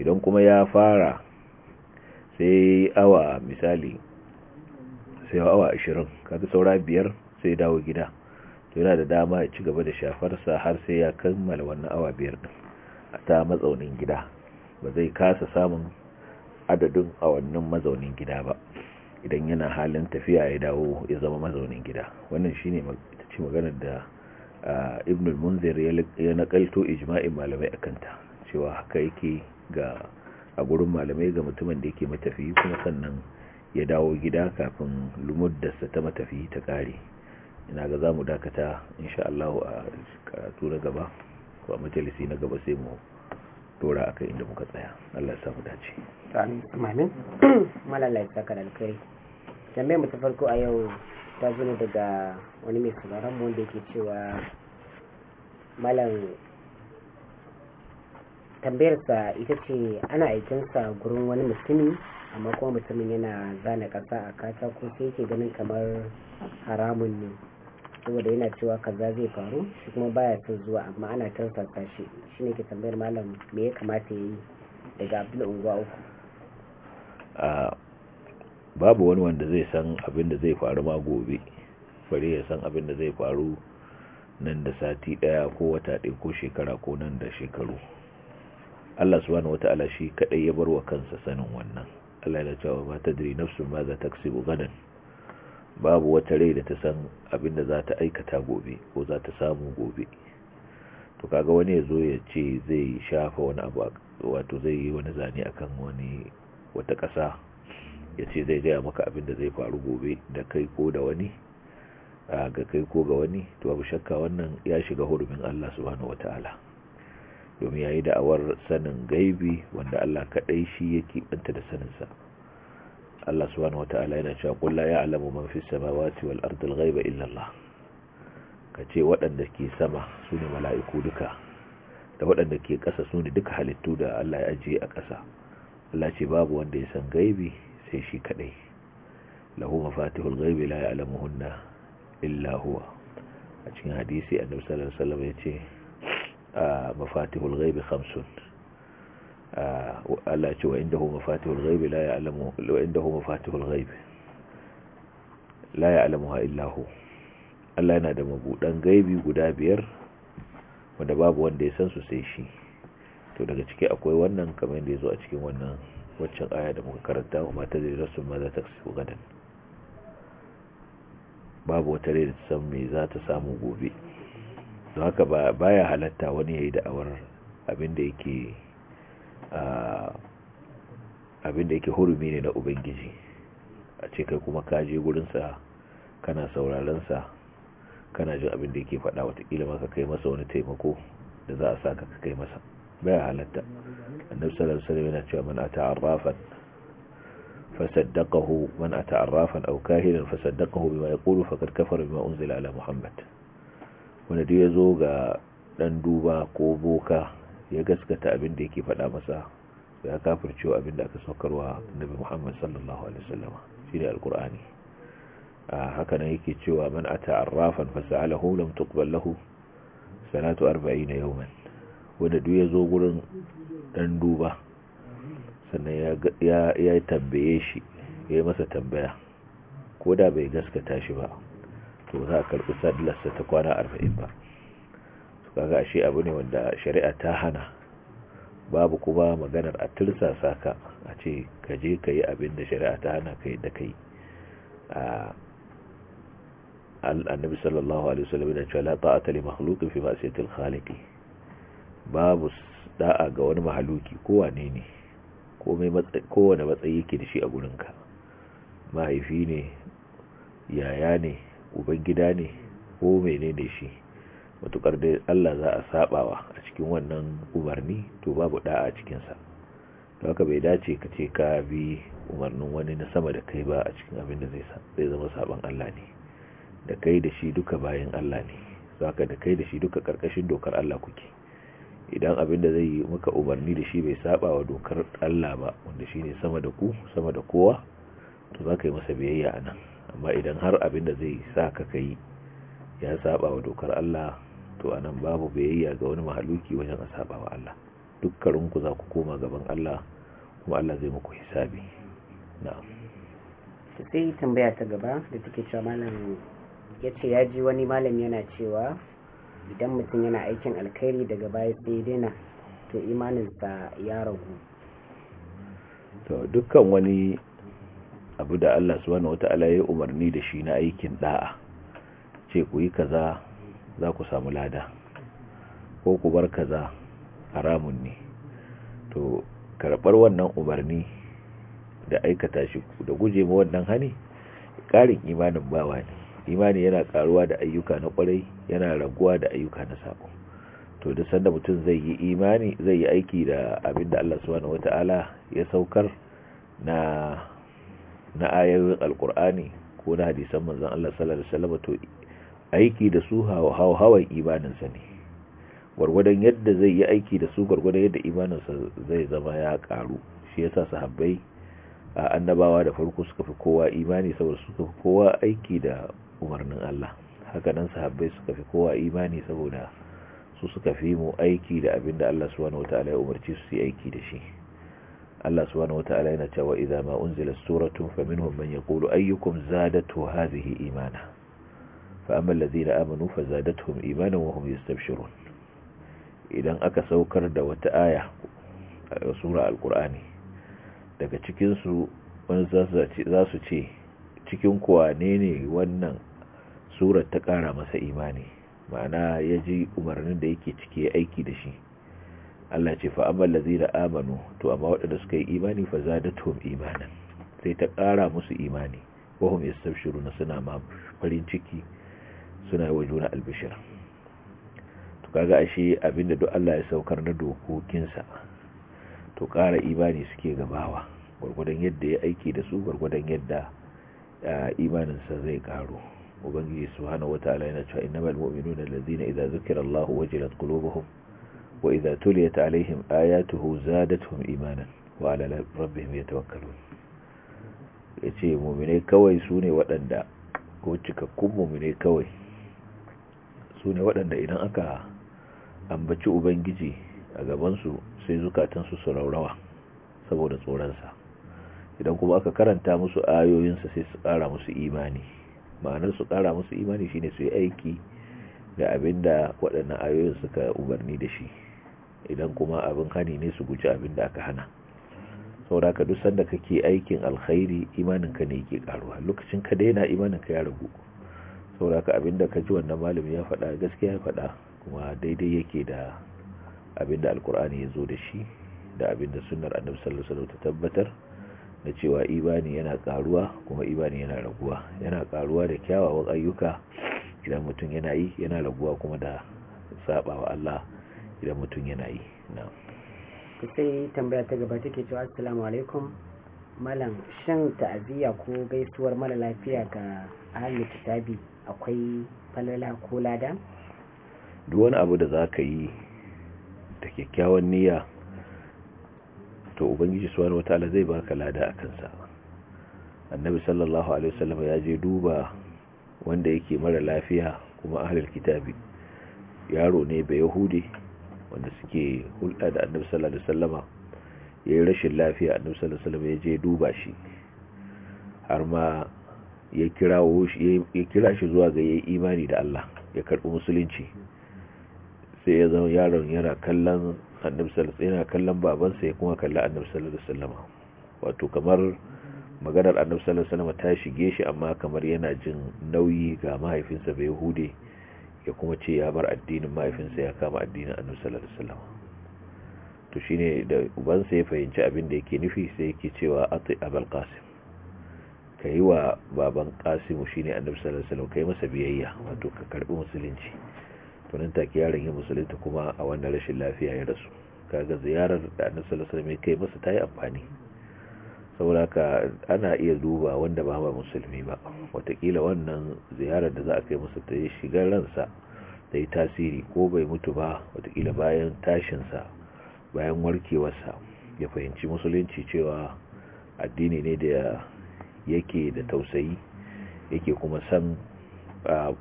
idan kuma ya fara sai awa misali sai awa ashirin kaga saura biyar sai dawo gida to yana da dama ya ci gaba da shafarsa har sai ya kammala wannan awa biyar din a ta mazaunin gida ba zai kasa samun adadin awannin mazaunin gida ba idan yana halin tafiya ya dawo ya zama mazaunin gida wannan shine ita ce maganar da ibnul munzir ya nakalto ijma'in malamai akanta cewa haka yake ga a gurin malamai ga mutumin da yake matafiyi kuma sannan ya dawo gida kafin lumuddarsa ta matafiyi ta kare ina ga za mu dakata insha Allah a karatu na gaba ko a majalisi na gaba sai mu dora akan inda muka tsaya Allah ya samu dace amin malala ya saka alkhairi tambayar mu ta farko a yau ta zo daga wani mai sauraron mu wanda yake cewa malam tambayarsa ita ce ana aikinsa gurin wani mutumi amma kuma mutumin yana zane kasa a katako sai yake ganin kamar haramun ne saboda yana cewa kaza zai faru shi kuma baya son zuwa amma ana tarsasa shi shi ne ke tambayar malam me ya kamata ya yi daga abdul unguwa uku babu wani wanda zai san abin da zai faru ma gobe bare ya san abin da zai faru nan da sati daya ko wata ɗaya ko shekara ko nan da shekaru Allah subhanahu wata'ala shi kaɗai ya bar wa kansa sanin wannan Allah ya cewa ba ta na nafsun ma za taksibu ganin. babu wata rai da ta san abin da za ta aikata gobe ko za ta samu gobe to kaga wani ya zo ya ce zai shafa wani abu wato zai yi wani zane a kan wani wata ƙasa ya ce zai gaya maka abin da zai faru gobe da kai ko da wani ga kai ko ga wani to babu shakka wannan ya shiga hurumin Allah subhanahu wataala domin ya yi da'awar sanin gaibi wanda Allah kaɗai shi yake ɓanta da saninsa Allah subhanahu wata'ala yana cewa qul la ya'lamu man fis samawati wal ardi al ghaiba illa Allah kace waɗanda ke sama ne mala'iku duka da waɗanda ke ƙasa sune duka halittu da Allah ya ajiye a ƙasa Allah ce babu wanda ya san gaibi sai shi kaɗai lahu mafatihul ghaibi la ya'lamuhunna illa huwa a cikin hadisi annabi sallallahu alaihi wasallam yace mafatihul ghaibi khamsun Allah ya ce wa indahu mafatihul ghaibi la ya'lamu wa indahu mafatihul ghaibi la ya'lamuha illa hu Allah yana da mabudan gaibi guda biyar wanda babu wanda ya san su sai shi to daga ciki akwai wannan kamar yadda yazo a cikin wannan waccan aya da muka karanta wa mata da rasul ma za ta kasu gadan babu wata rai da ta san me za ta samu gobe don haka ba ya halatta wani ya yi da'awar abinda yake yake hurumi ne na ubangiji a ce kai kuma kaji gurinsa kana saurarensa kana jin abinda yake faɗa watakila maka kai masa wani taimako da za a sa ka kai masa ba ya halatta annabi sallallahu alaihi yana cewa man ata'arrafan fasaddaqahu man ata'arrafan aw kahiran fasaddaqahu bima yaqulu faqad kafara bima unzila ala muhammad wanda duk ya zo ga dan duba ko boka ya gaskata abin da yake faɗa masa ya kafircewa abin da aka saukarwa nabi muhammad sallallahu alaihi wasallama shi da alkur'ani haka nan yake cewa man ata arrafan fasa'alahu lam tuqbal lahu salatu 40 yawman wanda duk ya zo gurin dan duba sannan ya ya tambaye shi ya yi masa tambaya ko da bai gaskata shi ba to za a karɓi sallarsa ta kwana arba'in ba su kaga ashe abu ne wanda shari'a ta hana babu kuma maganar a tursasa ka a ce ka je ka yi abin da shari'a ta hana ka da ka yi annabi sallallahu alaihi wasallam da cewa la ta'ata li makhluqin fi ma'siyatil khaliqi babu da'a ga wani mahaluki ko wane ne ko kowane matsayi yake da shi a gurinka mahaifi ne yaya ne uban gida ne ko menene shi matukar da Allah za a sabawa a cikin wannan umarni to babu da'a a sa da haka bai dace ka ce ka bi umarnin wani na sama da kai ba a cikin abin da zai zama saban Allah ne da kai da shi duka bayan Allah ne zaka da kai da shi duka karkashin dokar Allah kuke idan abin da zai yi maka umarni da shi bai saba wa dokar Allah ba wanda shine sama da ku sama da kowa to zaka yi masa biyayya a nan. amma idan har abin da zai sa ka kai ya saba wa dokar Allah to anan babu biyayya ga wani mahaluki wajen a saba wa Allah dukkan ku za ku koma gaban Allah kuma Allah zai muku hisabi na'am sai tambaya ta gaba da take cewa malam ce ya ji wani malam yana cewa idan mutum yana aikin alkhairi daga baya sai daina to imaninsa ya ragu to dukkan wani abu da Allah subhanahu wata'ala ya umarni da shi na aikin da'a ce ku yi kaza za ku samu lada ko ku bar kaza haramun ne to karɓar wannan umarni da aikata shi da guje ma wannan hani ƙarin imanin bawa ne imani yana ƙaruwa da ayyuka na ƙwarai yana raguwa da ayyuka na saƙo. to da sanda mutum zai yi imani zai yi aiki da abin da Allah subhanahu wata'ala ya saukar na na ayoyin alkur'ani ko na hadisan manzon Allah sallallahu alaihi wasallam to aiki da su hawan imaninsa ne gwargwadon yadda zai yi aiki da su gwargwadon yadda imaninsa zai zama ya karu shi yasa sahabbai a annabawa da farko suka fi kowa imani saboda suka fi kowa aiki da umarnin Allah hakanan sahabbai suka fi kowa imani saboda su suka fi mu aiki da abin da Allah subhanahu wataala ya umarci su yi aiki da shi Allah subhanahu wata'ala yana cewa idza ma unzilat suratun faminhum man yaqulu ayyukum zadatu hadhihi imana fa amma alladhina amanu fazadatuhum imana wa hum yastabshirun idan aka saukar da wata aya a sura alqur'ani daga cikin su wani za su ce cikin kuwa ne ne wannan surar ta kara masa imani ma'ana ya ji umarnin da yake cike aiki da shi Allah ce fa amma lazira amanu to amma waɗanda suka yi imani fa za zadatuhum imanin, sai ta ƙara musu imani wahum yastabshiruna suna ma farin ciki suna yi wa juna albishir to kaga ashe abinda duk Allah ya saukar na dokokinsa to ƙara imani suke gabawa gwargwadon yadda ya aiki da su gwargwadon yadda imaninsa zai karo ubangiji subhanahu wataala yana cewa innamal mu'minuna allazina idza zukira Allahu wajilat qulubuhum wa idza tuliyat alaihim ayatuhu zadatuhum imanan wa ala rabbihim yatawakkalun yace mu'minai kawai sune waɗanda ko cikakkun mu'minai kawai sune waɗanda idan aka ambaci ubangiji a gabansu su sai zukatansu su raurawa saboda tsoronsa idan kuma aka karanta musu ayoyinsa sai su kara musu imani ma'anar su ƙara musu imani shine su yi aiki da abinda waɗannan ayoyin suka umarni da shi idan kuma abin hani ne su guji abin da aka hana sauraka ka duk sanda kake aikin alkhairi imaninka ne ke karuwa lokacin ka daina imaninka ya ragu sauraka ka abin da ka ji wannan malami ya faɗa gaskiya ya faɗa kuma daidai yake da abin da alkur'ani ya zo da shi da abin da sunar annabi sallallahu ta tabbatar da cewa imani yana karuwa kuma imani yana raguwa yana karuwa da kyawawan ayyuka idan mutum yana yi yana raguwa kuma da sabawa Allah idan mutum yana yi na sai tambaya ta gaba take cewa assalamu alaikum malam shan ta'aziyya ko gaisuwar mara lafiya ga ahalin kitabi akwai falala ko lada duk wani abu da za ka yi da kyakkyawan niyya to ubangiji subhanahu wataala zai baka lada a kansa annabi sallallahu alaihi wasallam ya je duba wanda yake mara lafiya kuma ahalin kitabi yaro ne bai yahudi wanda suke hulɗa da annabi sallallahu alaihi wasallama ya yi rashin lafiya annabi sallallahu alaihi wasallama ya je duba shi har ma ya kira shi zuwa ga yayi imani da Allah ya karbi musulunci sai ya zama yaron yana kallon annabi sallallahu alaihi wasallama kallon babansa ya kuma kalli annabi sallallahu alaihi wasallama wato kamar maganar annabi sallallahu alaihi wasallama ta shige shi amma kamar yana jin nauyi ga mahaifinsa bai hude ya kuma ce ya bar addinin mahaifinsa ya kama addinin annabi sallallahu alaihi wasallam to shine da ubansa ya fahimci abin da yake nufi sai yake cewa abal abul ka yi wa baban qasim shine annabi sallallahu alaihi wasallam kai masa biyayya wato ka karbi musulunci to nan take yaron ya musulunta kuma a wannan rashin lafiya ya rasu kaga ziyarar da annabi sallallahu alaihi wasallam kai masa ta yi amfani sauraka ana iya duba wanda ba ba musulmi ba watakila wannan ziyarar da za a kai masa ta yi shigar ransa da yi tasiri ko bai mutu ba watakila bayan tashinsa bayan warkewarsa ya fahimci musulunci cewa addini ne da yake da tausayi yake kuma san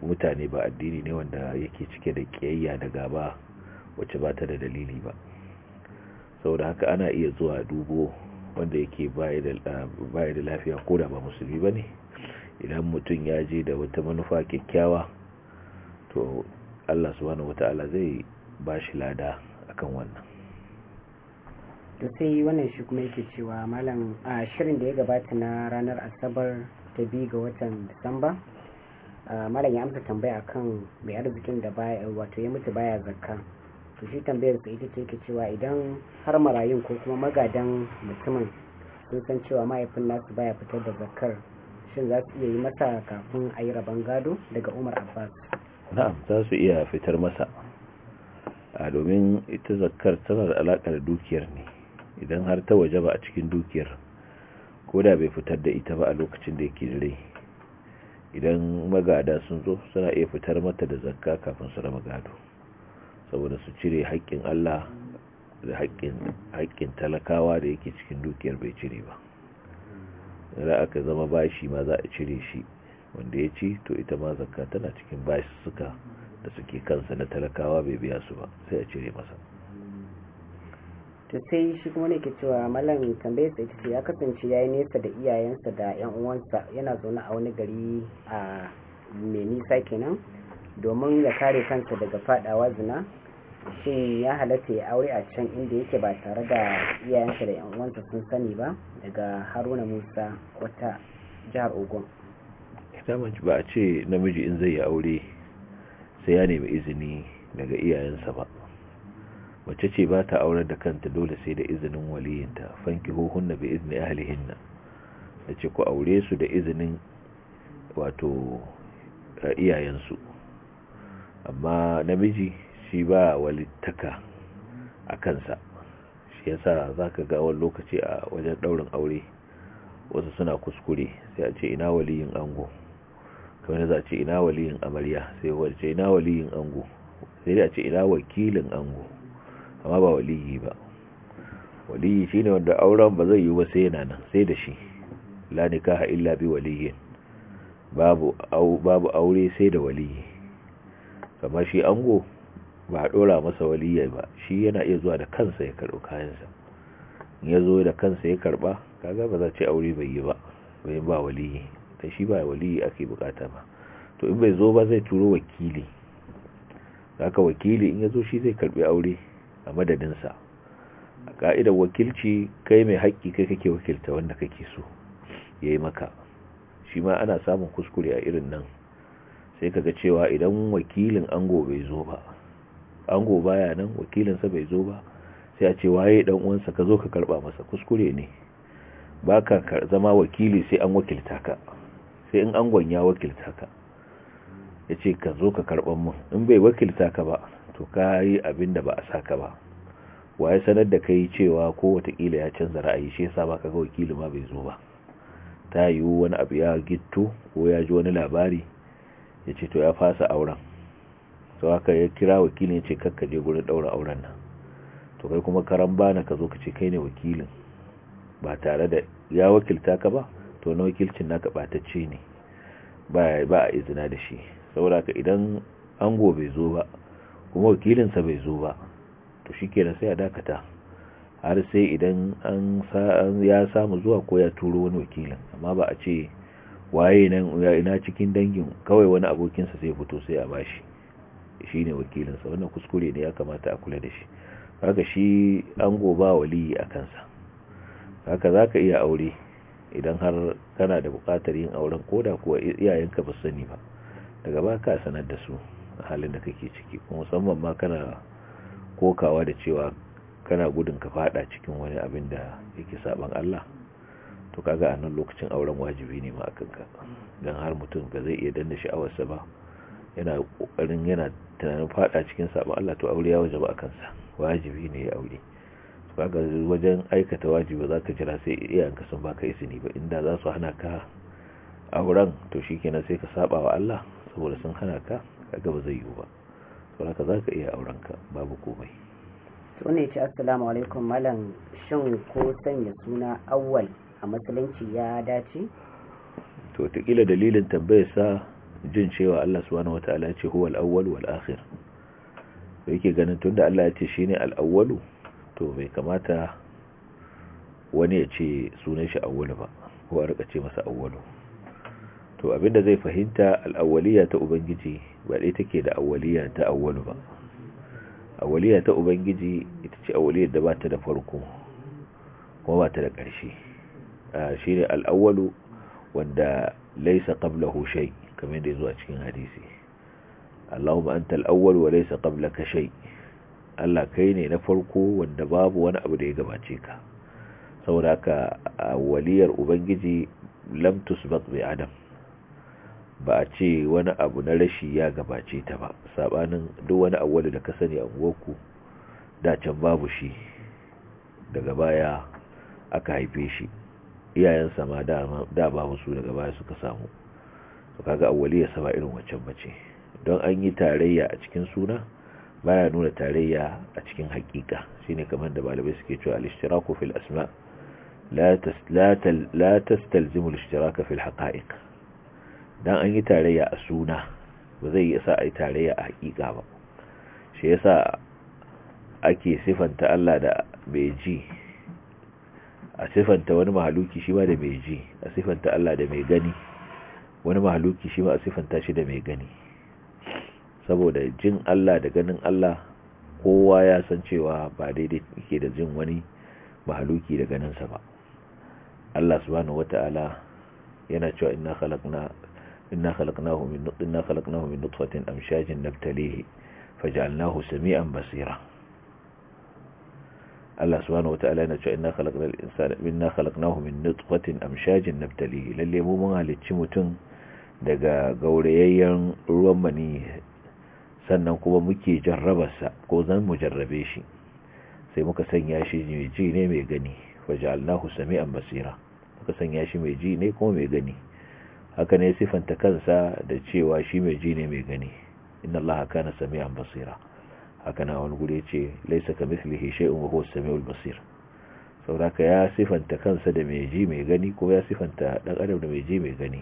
mutane ba addini ne wanda yake cike da kiyayya da gaba wacce ba ta da dalili ba saboda haka ana iya zuwa dubo wanda yake baya da lafiya ko da ba musulmi ba ne idan mutum ya je da wata manufa kyakkyawa to allah su subhanahu wata'ala zai ba shi lada akan wannan da sai wannan shi kuma yake cewa malam a shirin da ya gabata na ranar asabar ta bi ga watan disamba malam ya amsa tambaya akan mai arzikin da wato ya mutu baya zakka to shi tambayar ka ita ce ke cewa idan har marayun ko kuma magadan mutumin sun san cewa mahaifin nasu baya fitar da zakar shin za su iya yi masa kafin a yi rabon gado daga umar abbas na'am za su iya fitar masa a domin ita zakar tana da da dukiyar ne idan har ta waje ba a cikin dukiyar ko da bai fitar da ita ba a lokacin da yake rai idan magada sun zo suna iya fitar mata da zakka kafin su raba gado saboda su cire haƙƙin Allah da haƙƙin talakawa da yake cikin dukiyar bai cire ba da aka zama bashi ma za a cire shi wanda ya ci to ita ma zakka tana cikin bashi suka da suke kansa na talakawa bai biya su ba sai a cire masa to sai shi kuma ne ke cewa malam tambaye sai ce ya kasance ya yi nesa da iyayensa da yan uwansa yana zaune a wani gari a mai nisa kenan domin ya kare kansa daga fadawa zina shin ya halatta ya aure a can inda yake ba tare da iyayensa da uwansa sun sani ba daga haruna musa wata jihar ogun eh, damanci ba a ce namiji in zai yi aure sai ya nemi izini daga iyayensa ba mace ce ba ta aure da kanta dole sai da izinin waliyinta fanki hohunna bi izini nan da ce ku aure su da izinin wato eh, iyayensu amma namiji shi ba walittaka a kansa shi yasa za ka ga wani lokaci a wajen ɗaurin aure wasu suna kuskure sai a ce ina waliyin ango kamar za a ce ina waliyin amarya sai ce ina waliyin ango sai a ce ina wakilin ango amma ba waliyi ba waliyi shi ne wanda auren ba zai yi ba sai yana nan sai da shi la nikaha illa bi waliyin babu babu aure sai da waliyi kamar shi ango ba a ɗora masa waliyya ba shi yana iya zuwa da kansa ya karɓi kayansa in ya zo da kansa ya karɓa kaga ba za ce aure bai yi ba bai ba waliyyi ta shi ba waliyyi ake bukata ba to in bai zo ba zai turo wakili haka wakili in ya zo shi zai karɓi aure a madadinsa a ka'idar wakilci kai mai haƙƙi kai kake wakilta wanda kake so ya yi maka shi ma ana samun kuskure a irin nan sai kaga cewa idan wakilin ango bai zo ba ango baya nan wakilinsa bai zo ba sai a ce waye dan uwansa ka zo ka karba masa kuskure ne baka zama wakili sai an wakilta ka sai in angon ya wakilta ka yace ka zo ka karban mu in bai wakilta ka ba to kai abin da ba a saka ba waye sanar da kai cewa ko kila ya canza ra'ayi shi yasa baka ga wakili ma bai zo ba ta yi wani abu ya gitto ko ya ji wani labari yace to ya fasa auren sau haka ya kira wakilin ce ka je wurin ɗaura auren nan to kai kuma karan bana ka zo ka ce kai ne wakilin ba tare da ya wakilta ka ba to na wakilcin naka ɓatacce ne ba a izina da shi saboda ka idan ango bai zo ba kuma wakilinsa bai zo ba to shi kenan sai a dakata har sai idan an ya samu zuwa ko ya turo wani wakilin amma ba a ce waye nan ina cikin dangin kawai wani abokinsa sai fito sai a bashi shine wakilinsa wannan kuskure ne ya kamata a kula da shi haka shi an goba waliyi a kansa haka za ka iya aure idan har kana da bukatar yin auren koda kuwa iyayenka ba sani ba daga ba ka sanar da su a halin da kake ciki kuma musamman ma kana kokawa da cewa kana gudun ka fada cikin wani abin da yake saban Allah to kaga a nan lokacin auren wajibi ne ma akan ka dan har mutum ba zai iya danna sha'awarsa ba yana kokarin yana tunanin fada cikin sabon Allah to aure ya wajaba a kansa wajibi ne ya aure kaga wajen aikata wajibi za ka jira sai iyayenka sun baka izini ba inda za su hana ka auren to shikenan sai ka saba wa Allah saboda sun hana ka kaga ba zai yiwu ba za ka iya auren ka babu komai to ne ce assalamu alaikum malam shin ko sanya suna awwal a musulunci ya dace to ta dalilin tambayar sa jin cewa Allah subhanahu wataala ya ce huwa al-awwal wal akhir to yake ganin tunda Allah ya ce shine al-awwalu to bai kamata wani ya ce sunan shi awwalu ba ko a rika ce masa awwalu to abinda zai fahimta al-awwaliyya ta ubangiji ba dai take da awwaliyya ta awwalu ba awwaliyya ta ubangiji ita ce awwaliyya da ba ta da farko kuma ba ta da ƙarshe ah, shine al-awwalu wanda laisa qablahu shay' kamar da zuwa cikin hadisi Allahumma anta al-awwal wa laysa qablaka shay Allah kai ne na farko wanda babu wani abu da ya gabace ka saboda ka waliyar ubangiji lam tusbat bi adam ba a ce wani abu na rashi ya gabace ta ba sabanin duk wani awwali da ka sani a goku da can babu shi daga baya aka haife shi iyayensa ma da babu su daga baya suka samu to kaga ya saba irin waccan bace don an yi tarayya a cikin suna baya nuna tarayya a cikin haƙiƙa shine kamar da malamai suke cewa al-ishtiraku fil asma la la tastalzimu al-ishtiraka fil haqa'iq dan an yi tarayya a suna ba zai yi sa a yi tarayya a haƙiƙa ba shi yasa ake sifanta Allah da mai a sifanta wani mahaluki shi ba da mai a sifanta Allah da mai gani wani mahaluki shi ba a sifanta shi da mai gani saboda jin Allah da ganin Allah kowa ya san cewa ba daidai yake da jin wani mahaluki da ganinsa ba Allah subhanahu wata'ala yana cewa inna khalaqna inna khalaqnahu min inna khalaqnahu min nutfatin amshajin nabtalihi faj'alnahu sami'an basira Allah subhanahu wata'ala yana cewa inna khalaqnal insana inna khalaqnahu min nutfatin amshajin nabtalihi lalle mu mun halicci mutum daga gaurayayyen ruwan mani sannan kuma muke jarrabarsa ko zan mu jarrabe shi sai muka sanya shi mai ji ne mai gani waje allahu sami'an basira muka sanya shi mai ji ne kuma mai gani haka ne sifanta kansa da cewa shi mai ji ne mai gani inna na kana sami'an basira haka na wani gure ce laisa ka mislihi shay'un wa sami ul basir saboda ya sifanta kansa da mai ji mai gani ko ya sifanta dan adam da mai ji mai gani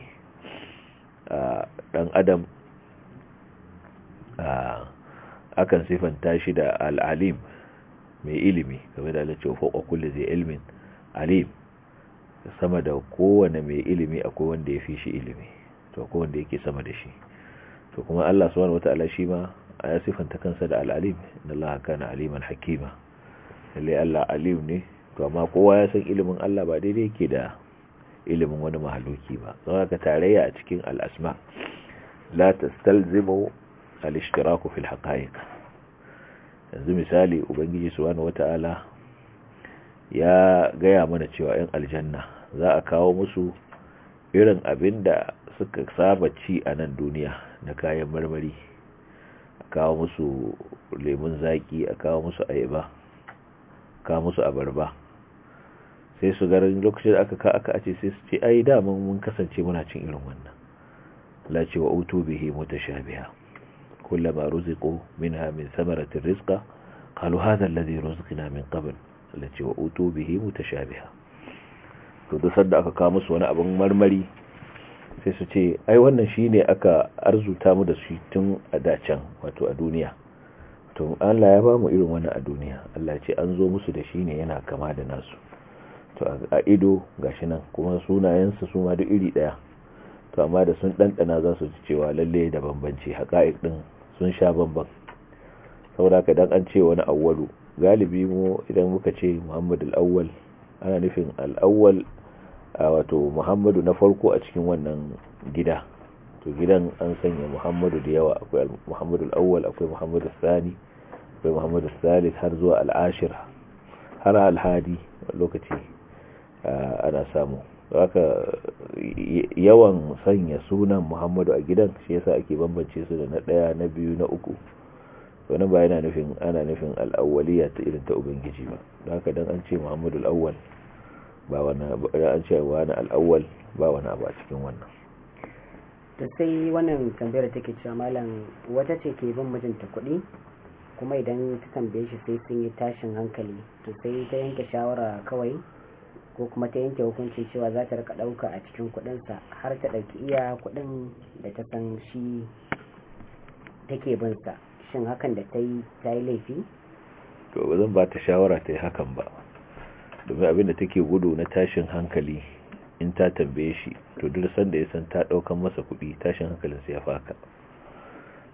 dan adam akan sifanta shi da al'alim mai ilimi game da lalacewa faƙwa kulle zai ilmin alim sama da kowane mai ilimi akwai wanda ya fi shi ilimi to akwai wanda yake sama da shi to kuma Allah subhanahu wata'ala shi ma ya sifanta kansa da al'alim inna Allah kana aliman hakima lalle Allah alim ne to amma kowa ya san ilimin Allah ba daidai yake da ilimin wani mahaluki ba don haka tarayya a cikin al'asma la tastalzimu al-ishtiraku fil haqa'iq yanzu misali ubangiji subhanahu wata'ala ya gaya mana cewa yan aljanna za a kawo musu irin abin da suka saba ci a nan duniya na kayan marmari a kawo musu lemun zaki a kawo musu ayaba a kawo musu abarba sai su garin lokacin da aka ka aka ace sai su ce ai dama mun kasance muna cin irin wannan la ce wa utu bihi mutashabiha kullama ruziqu minha min thamaratir rizqa qalu hadha alladhi ruziqna min qabl la ce wa utu bihi mutashabiha to duk sanda aka ka musu wani abin marmari sai su ce ai wannan shine aka arzuta mu da shi tun a dacan wato a duniya to Allah ya ba mu irin wannan a duniya Allah ce an zo musu da shi ne yana kama da nasu a ido gashi nan kuma sunayensu su ma duk iri daya to amma da sun ɗanɗana za su ci cewa lalle da bambanci haƙa'iq ɗin sun sha bamban saboda ka dan an ce wani awwalu galibi mu idan muka ce muhammadu al'awwal ana nufin al'awwal a wato muhammadu na farko a cikin wannan gida to gidan an sanya muhammadu da yawa akwai muhammadu al'awwal akwai muhammadu sani akwai muhammadu al-thalith har zuwa al'ashir har alhadi lokaci ana samu haka yawan sanya sunan muhammadu a gidan shi yasa ake bambance su da na daya na biyu na uku wani ba yana nufin ana nufin al'awwaliya ta irin ta ubangiji ba da haka don an ce muhammadu al'awwal ba wani an ce wani al'awwal ba wani abu a cikin wannan ta sai wannan tambayar take cewa malam wata ce ke bin mijinta kuɗi kuma idan ta tambaye shi sai sun yi tashin hankali to sai ta yanke shawara kawai ko kuma ta yanke hukunci cewa za ta rika ɗauka a cikin kuɗinsa har ta ɗauki iya kuɗin da ta san shi take binsa shin hakan da ta yi ta yi laifi to ba zan ba ta shawara ta yi hakan ba domin abin da take gudu na tashin hankali in ta tambaye shi to duk sanda ya san ta ɗaukan masa kuɗi tashin sa ya faka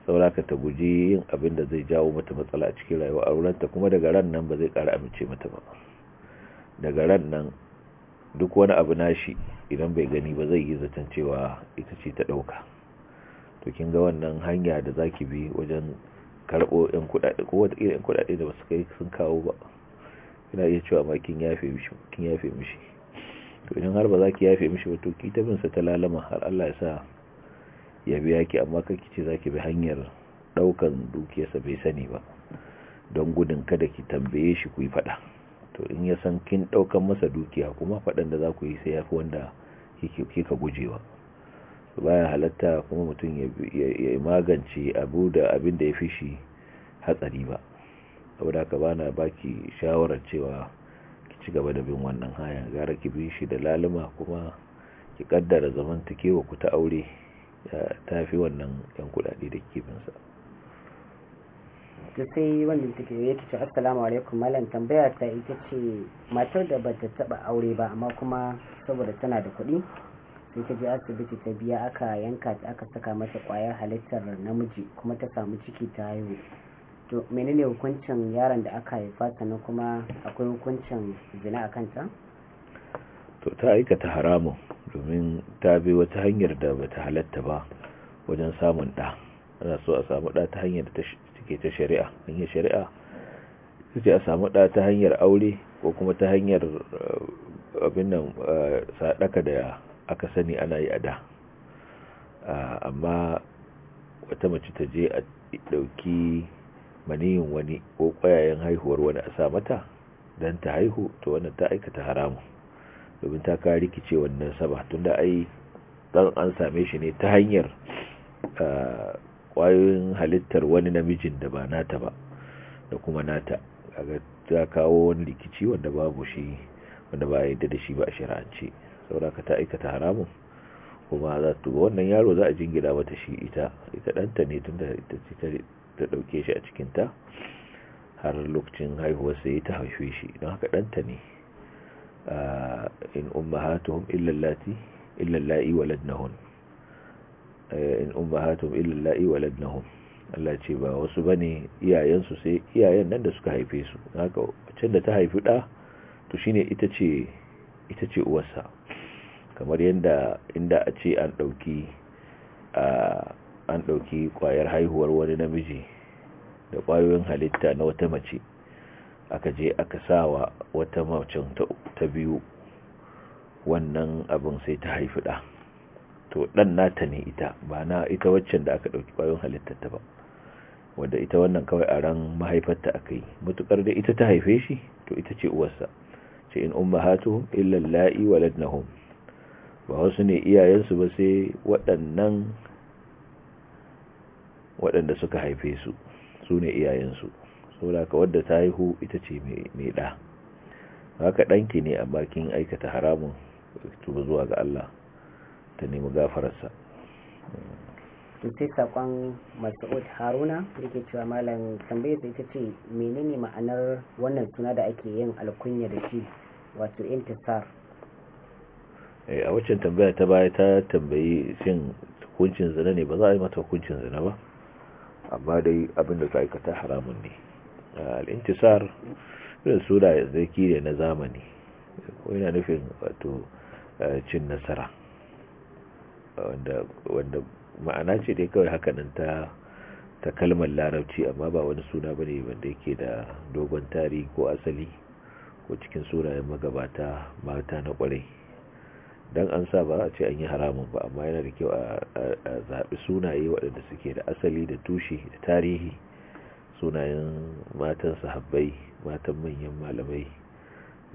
saboda ka ta guji yin abin da zai jawo mata matsala a cikin rayuwa a ta kuma daga ran nan ba zai ƙara amince mata ba daga ran nan duk wani abu nashi idan bai gani ba zai yi zaton cewa ita ce ta ɗauka to kin ga wannan hanya da zaki bi wajen karɓo yan kuɗaɗe ko wata irin kuɗaɗe da basu kai sun kawo ba ina iya cewa ma kin yafe mishi kin yafe mishi to idan har ba za ki yafe mishi ba to ki ta bin ta lalama har Allah ya sa ya biya ki amma ki ce zaki bi hanyar ɗaukan dukiyarsa bai sani ba don gudun kada ki tambaye shi ku yi faɗa to in ya san kin daukan masa dukiya kuma fadan da za ku yi sai ya fi wanda kika gujewa bayan halatta kuma mutum ya magance abu da abin da ya fi shi hatsari ba saboda ka bana baki shawarar cewa ki ci gaba da bin wannan haya gara ki bi shi da laluma kuma ki kaddara zamantakewa ku ta aure ta fi wannan yan kudade da sa da sai wanda take yake ce assalamu alaikum malam tambaya ta ita ce matar da bata taba aure ba amma kuma saboda tana da kuɗi sai ta je asibiti ta biya aka yanka ta aka saka mata kwayar halittar namiji kuma ta samu ciki ta haihu to menene hukuncin yaron da aka haifa sannan kuma akwai hukuncin zina a kanta to ta aikata haramun domin ta bi wata hanyar da bata halatta ba wajen samun ɗa ana so a samu ɗa ta hanyar da suke ta shari'a in yi shari'a ce a samu ɗa ta hanyar aure ko kuma ta hanyar eh, abin nan eh, sadaka da aka sani ana yi a da ah, amma wata mace ta je a ɗauki maniyin wani ko ƙwayayen haihuwar wani a sa mata don ta haihu to wannan ta aikata haramu domin ta kawo rikice wannan saba da ai dan an same shi ne ta hanyar eh, kwayoyin halittar wani namijin da ba nata ba da kuma nata kaga ta kawo wani rikici wanda babu shi wanda ba yadda da shi ba a shari'ance saboda ka ta aikata haramun kuma za ta wannan yaro za a jingina mata shi ita ita ɗanta ne tun da ita ta ɗauke shi a cikin ta har lokacin haihuwar sai ta haife shi don haka ɗanta ne ah, in ummahatuhum illallati illallahi waladnahun Eh, in ummahatum illa la'i waladnahum Allah ce ba wasu bane iyayensu sai iyayen nan da suka haife su haka can da ta haifi ɗa to shine ita ce ita ce uwarsa kamar yadda inda a ce an ɗauki an dauki kwayar haihuwar wani namiji da kwayoyin halitta na wata mace aka je aka sawa wata macen ta biyu wannan abin sai ta haifi da to dan nata ne ita ba na ita waccan da aka dauki bayan halittar ta ba wanda ita wannan kawai a ran mahaifarta akai mutukar da ita ta haife shi to ita ce uwarsa ce in ummahatuhum illa lai waladnahum ba wasu ne iyayensu ba sai waɗannan waɗanda suka haife su su ne iyayensu saboda ka wadda ta haihu ita ce mai da haka danki ne amma kin aikata haramun to zuwa ga Allah ta nemi gafararsa to sai sakon mas'ud haruna yake cewa malam tambayar ita ce menene ma'anar wannan suna da ake yin alkunya da shi wato intisar eh, a waccan tambaya ta baya ta tambayi shin hukuncin zina ne ba za a yi mata hukuncin zina ba amma dai abin da ta aikata haramun ne ah, al'intisar irin suna zaki kire na zamani ko yana nufin wato ah, cin nasara wanda ma'ana ce dai kawai hakanan ta ta kalmar larabci amma ba wani suna ba ne wanda yake da dogon tarihi ko asali ko cikin sunayen magabata mata na kwarai don an sa ba a ce an yi haramun ba amma yana da kyau a zaɓi sunaye waɗanda suke da asali da tushe da tarihi sunayen matan sahabbai matan manyan malamai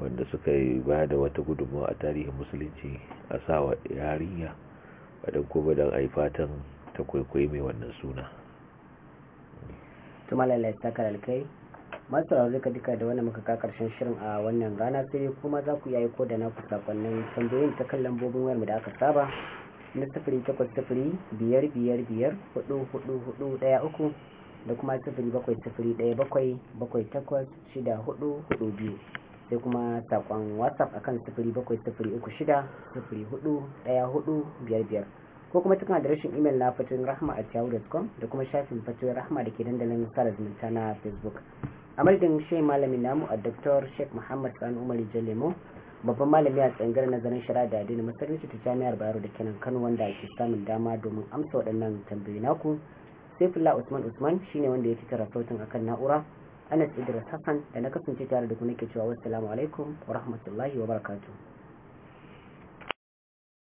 wanda suka yi ba da wata gudunmawa a tarihin musulunci a sawa yarinya ba kuma don a yi fatan ta kwaikwayi mai wannan suna tuma lalai takar alkai masu rarrika duka da wani muka karshen shirin a wannan rana sai kuma za ku yayi ko da na ku sakonnin tambayoyin ta kan lambobin wayar da aka saba na sifiri takwas sifiri biyar biyar biyar hudu hudu hudu daya uku da kuma sifiri bakwai sifiri daya bakwai bakwai takwas shida hudu hudu biyu sai kuma saƙon whatsapp akan biyar ko kuma cikin adireshin imel na fatin rahma a yahoo.com da kuma shafin fatin rahma da ke dandalin sada zumunta na facebook a madadin shi malamin namu a dr sheikh muhammad sani umar jalemo babban malami a tsangar nazarin shari'a da adini masarauci ta jami'ar bayero da kenan kano wanda ake samun dama domin amsa waɗannan tambayi naku sai usman usman shine wanda ya ci sautin akan na'ura Anas Idris Hassan da na kasance tare da ku nake cewa wassalamu alaikum wa rahmatullahi wa barakatuh